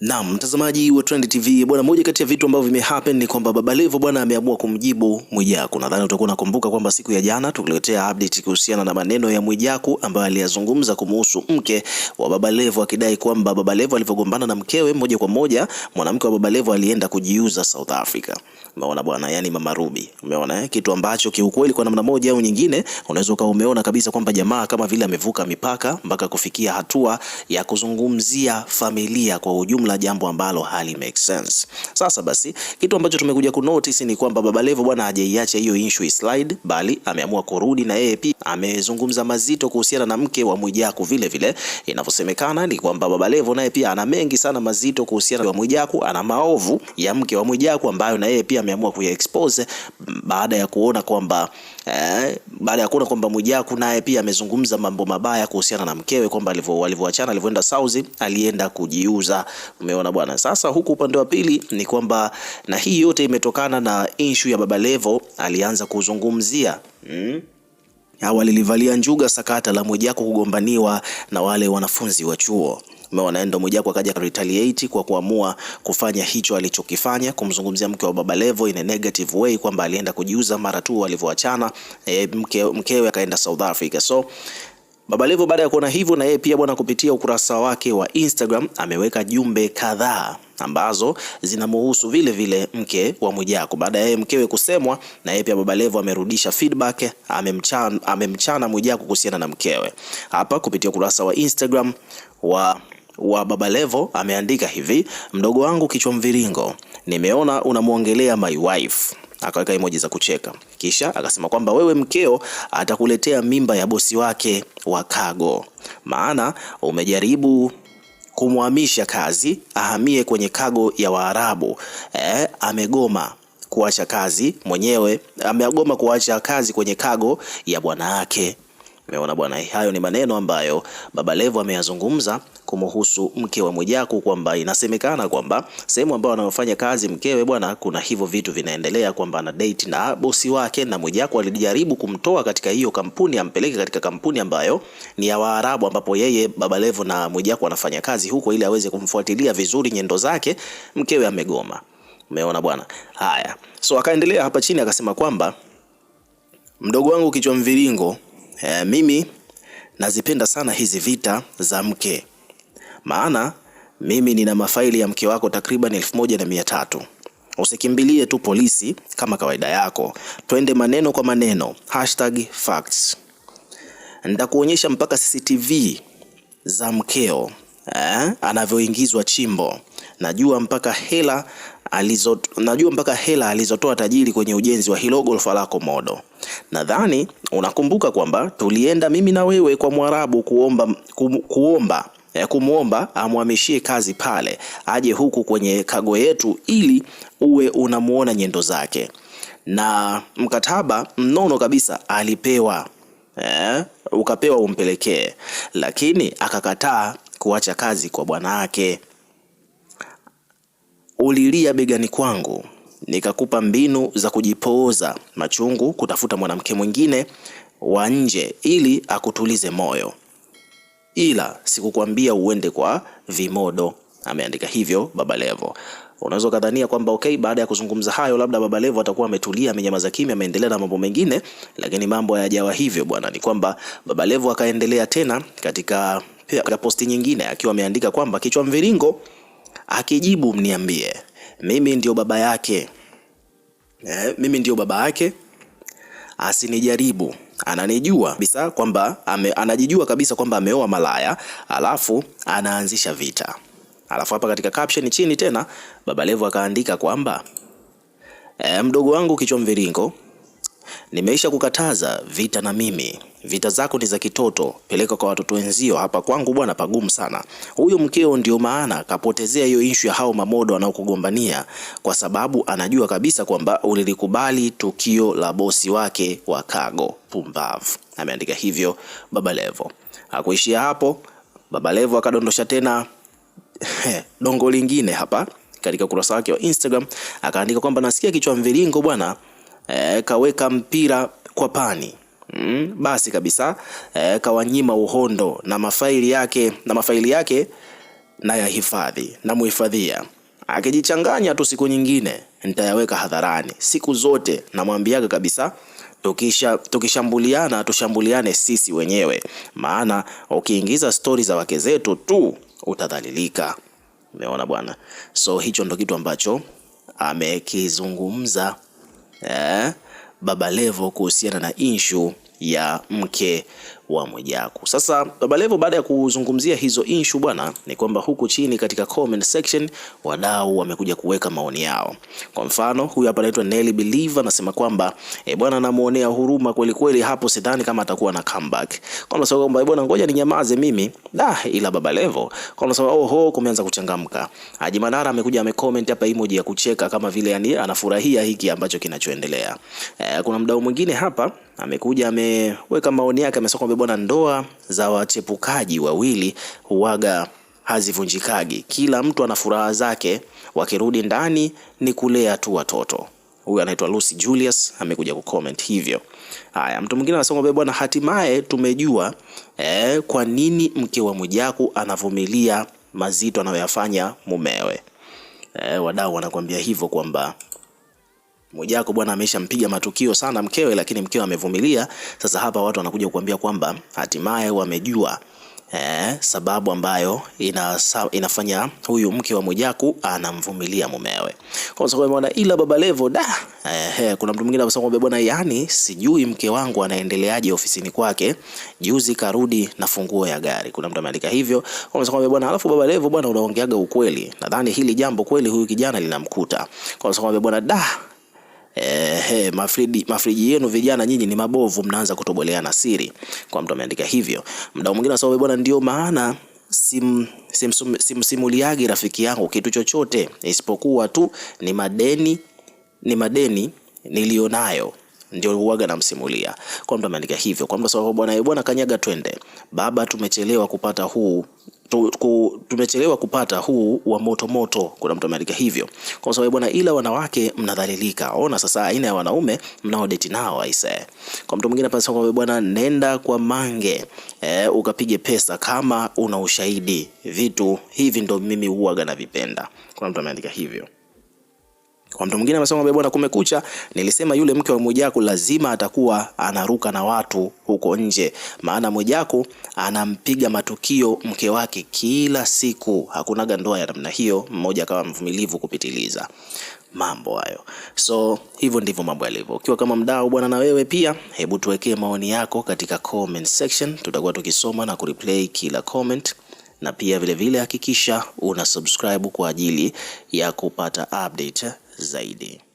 Naam, mtazamaji wa Trend TV bwana, moja kati ya vitu ambavyo vimehappen ni kwamba Baba Levo bwana ameamua kumjibu Mwijaku. Nadhani utakuwa unakumbuka kwamba siku ya jana tuliletea update kuhusiana na maneno ya Mwijaku ambayo aliyazungumza kumuhusu mke wa Baba Levo, akidai kwamba Baba Levo alivyogombana na mkewe moja kwa moja, mwanamke wa Baba Levo alienda kujiuza South Africa. Umeona bwana, yani Mama Ruby. Umeona eh, kitu ambacho kiukweli kwa namna moja au nyingine unaweza ukawa umeona kabisa kwamba jamaa kama vile amevuka mipaka mpaka kufikia hatua ya kuzungumzia familia kwa ujumla jumla, jambo ambalo hali make sense. Sasa basi, kitu ambacho tumekuja notice ni kwamba Baba Levo bwana hajaiacha hiyo issue slide, bali ameamua kurudi na yeye pia amezungumza mazito kuhusiana na mke wa Mwijaku. Vile vile inavyosemekana ni kwamba Baba Levo naye pia ana mengi sana mazito kuhusiana na Mwijaku, ana maovu ya mke wa Mwijaku ambayo na yeye pia ameamua kuyaexpose baada ya kuona kwamba eh, baada ya kuona kwamba Mwijaku naye pia amezungumza mambo mabaya kuhusiana na mkewe kwamba walivyoachana, alivyoenda Saudi alienda kujiuza. Umeona bwana. Sasa huku upande wa pili ni kwamba, na hii yote imetokana na issue ya Baba Levo alianza kuzungumzia hmm? au alilivalia njuga sakata la Mwijaku kugombaniwa na wale wanafunzi wa chuo. Umeona, ndo Mwijaku akaja retaliate kwa kuamua kufanya hicho alichokifanya, kumzungumzia mke wa Baba Levo in a negative way kwamba alienda kujiuza mara tu walivyoachana, e, mke, mkewe akaenda South Africa so Baba Levo baada ya kuona hivyo, na yeye pia bwana, kupitia ukurasa wake wa Instagram ameweka jumbe kadhaa ambazo zinamuhusu vile vile mke wa Mwijaku. Baada ya yeye mkewe kusemwa, na yeye pia Baba Levo amerudisha feedback, amemchana amemchana Mwijaku kuhusiana na mkewe. Hapa kupitia ukurasa wa Instagram wa wa Baba Levo ameandika hivi, mdogo wangu kichwa mviringo, nimeona unamwongelea my wife akaweka emoji za kucheka, kisha akasema kwamba wewe mkeo atakuletea mimba ya bosi wake wa Kago, maana umejaribu kumhamisha kazi ahamie kwenye Kago ya Waarabu. E, amegoma kuacha kazi mwenyewe, amegoma kuacha kazi kwenye Kago ya bwana yake. Umeona bwana, hayo ni maneno ambayo Baba Levo ameyazungumza kumuhusu mke wa Mwijaku, kwamba inasemekana kwamba sehemu ambayo anayofanya kazi mkewe bwana, kuna hivyo vitu vinaendelea, kwamba ana date na bosi wake, na Mwijaku alijaribu kumtoa katika hiyo kampuni ampeleke katika kampuni ambayo ni ya Waarabu, ambapo yeye Baba Levo na Mwijaku anafanya kazi huko, ili aweze kumfuatilia vizuri nyendo zake. Mkewe amegoma. Umeona bwana, haya. So akaendelea hapa chini akasema kwamba mdogo wangu kichwa mviringo e, mimi nazipenda sana hizi vita za mke, maana mimi nina mafaili ya mke wako takriban elfu moja na mia tatu. Usikimbilie tu polisi kama kawaida yako, twende maneno kwa maneno, hashtag facts. Nitakuonyesha mpaka CCTV za mkeo eh, anavyoingizwa chimbo. Najua mpaka hela alizo najua mpaka hela alizotoa tajiri kwenye ujenzi wa hilo golfa lako Modo. Nadhani unakumbuka kwamba tulienda mimi na wewe kwa Mwarabu kuomba kum, kuomba eh, kumwomba amhamishie kazi pale aje huku kwenye kago yetu ili uwe unamuona nyendo zake, na mkataba mnono kabisa alipewa eh, ukapewa umpelekee, lakini akakataa kuacha kazi kwa bwana yake ulilia begani kwangu, nikakupa mbinu za kujipooza machungu, kutafuta mwanamke mwingine wa nje ili akutulize moyo, ila sikukwambia uende kwa vimodo. Ameandika hivyo Baba Levo. Unaweza ukadhania kwamba okay, baada ya kuzungumza hayo, labda Baba Levo atakuwa ametulia, amenyamaza kimya, ameendelea na mambo mengine, lakini mambo hayajawa hivyo bwana. Ni kwamba Baba Levo akaendelea tena katika, katika posti nyingine akiwa ameandika kwamba kichwa mviringo Akijibu mniambie, mimi ndio baba yake eh, mimi ndio baba yake, asinijaribu. Ananijua kabisa kwamba anajijua kabisa kwamba ameoa malaya, alafu anaanzisha vita. Alafu hapa katika caption chini tena Baba Levo akaandika kwamba eh, mdogo wangu kichwa mviringo Nimeisha kukataza vita na mimi. Vita zako ni za kitoto, peleka kwa watoto wenzio. Hapa kwangu bwana pagumu sana. Huyo mkeo ndio maana kapotezea hiyo issue ya hao mamodo wanaokugombania, kwa sababu anajua kabisa kwamba ulilikubali tukio la bosi wake wa Kago. Pumbavu, ameandika hivyo Baba Levo. Hakuishia hapo, Baba Levo akadondosha tena dongo lingine hapa katika ukurasa wake wa Instagram, akaandika kwamba nasikia kichwa mviringo bwana e, kaweka mpira kwa pani mm, basi kabisa e, kawanyima uhondo na mafaili yake na mafaili yake na yahifadhi na muhifadhia akijichanganya tu siku nyingine nitayaweka hadharani. Siku zote namwambiaga kabisa, tukisha tukishambuliana tushambuliane sisi wenyewe, maana ukiingiza stori za wake zetu tu utadhalilika. Umeona bwana, so hicho ndo kitu ambacho amekizungumza eh, Baba Levo kuhusiana na issue ya mke wa Mwijaku. Sasa Baba Levo baada ya kuzungumzia hizo issue bwana, ni kwamba huku chini katika comment section wadau wamekuja kuweka maoni yao. Kwa mfano huyu hapa anaitwa Nelly Believer anasema kwamba e bwana, namuonea huruma kweli kweli, hapo sidhani kama atakuwa na comeback. Kwa sababu kwamba eh, bwana, ngoja ninyamaze mimi da, ila Baba Levo kwa sababu oho, kumeanza kuchangamka. Haji Manara amekuja amecomment hapa emoji ya kucheka kama vile yani anafurahia hiki ambacho kinachoendelea. E, kuna mdau mwingine hapa amekuja ameweka maoni yake, amesema kwamba bwana, ndoa za wachepukaji wawili huwaga hazivunjikagi, kila mtu ana furaha zake, wakirudi ndani ni kulea tu watoto. Huyu anaitwa Lucy Julius amekuja kucomment hivyo. Haya, mtu mwingine anasema kwamba bwana, hatimaye tumejua eh, kwa nini mke wa Mwijaku anavumilia mazito anayoyafanya mumewe. Eh, wadau wanakuambia hivyo kwamba Mwijaku bwana ameshampiga matukio sana mkewe, lakini mkewe amevumilia. Sasa hapa watu wanakuja kuambia kwamba hatimaye wamejua eh, sababu ambayo ina, inafanya huyu mke wa Mwijaku anamvumilia mumewe. Kwa sababu umeona, ila Baba Levo da eh, eh, kuna mtu mwingine anasema kwamba bwana, yani sijui mke wangu anaendeleaje ofisini kwake, juzi karudi na funguo ya gari. Kuna mtu ameandika hivyo kwa sababu bwana, alafu Baba Levo bwana, unaongeaga ukweli. Nadhani hili jambo kweli huyu kijana linamkuta. Kwa sababu bwana da ehe, mafriji mafriji yenu vijana nyinyi ni mabovu, mnaanza kutoboleana siri. Kwa mtu ameandika hivyo. Mdau mwingine anasema bwana, ndio maana sim simsimuliagi sim, rafiki yangu kitu chochote isipokuwa tu ni madeni ni madeni niliyonayo ndio huaga namsimulia kwamba ameandika hivyo kwamba sababu bwana eh, bwana kanyaga twende baba, tumechelewa kupata huu tu, ku, tumechelewa kupata huu wa moto moto. Kuna mtu ameandika hivyo kwa sababu bwana, ila wanawake mnadhalilika. Ona sasa aina ya wanaume date nao aise. Kwa mtu mwingine pasi kwa bwana, nenda kwa Mange e, ukapige pesa kama una ushahidi. Vitu hivi ndo mimi huaga navipenda. Kuna mtu ameandika hivyo. Kwa mtu mwingine amesema bwana, kumekucha, nilisema yule mke wa Mwijaku lazima atakuwa anaruka na watu huko nje, maana Mwijaku anampiga matukio mke wake kila siku. Hakunaga ndoa ya namna hiyo, mmoja kama mvumilivu kupitiliza mambo hayo. So hivyo ndivyo mambo yalivyo. Ukiwa kama mdau bwana, na wewe pia hebu tuwekee maoni yako katika comment section, tutakuwa tukisoma na kureplay kila comment na pia vilevile hakikisha vile una subscribe kwa ajili ya kupata update zaidi.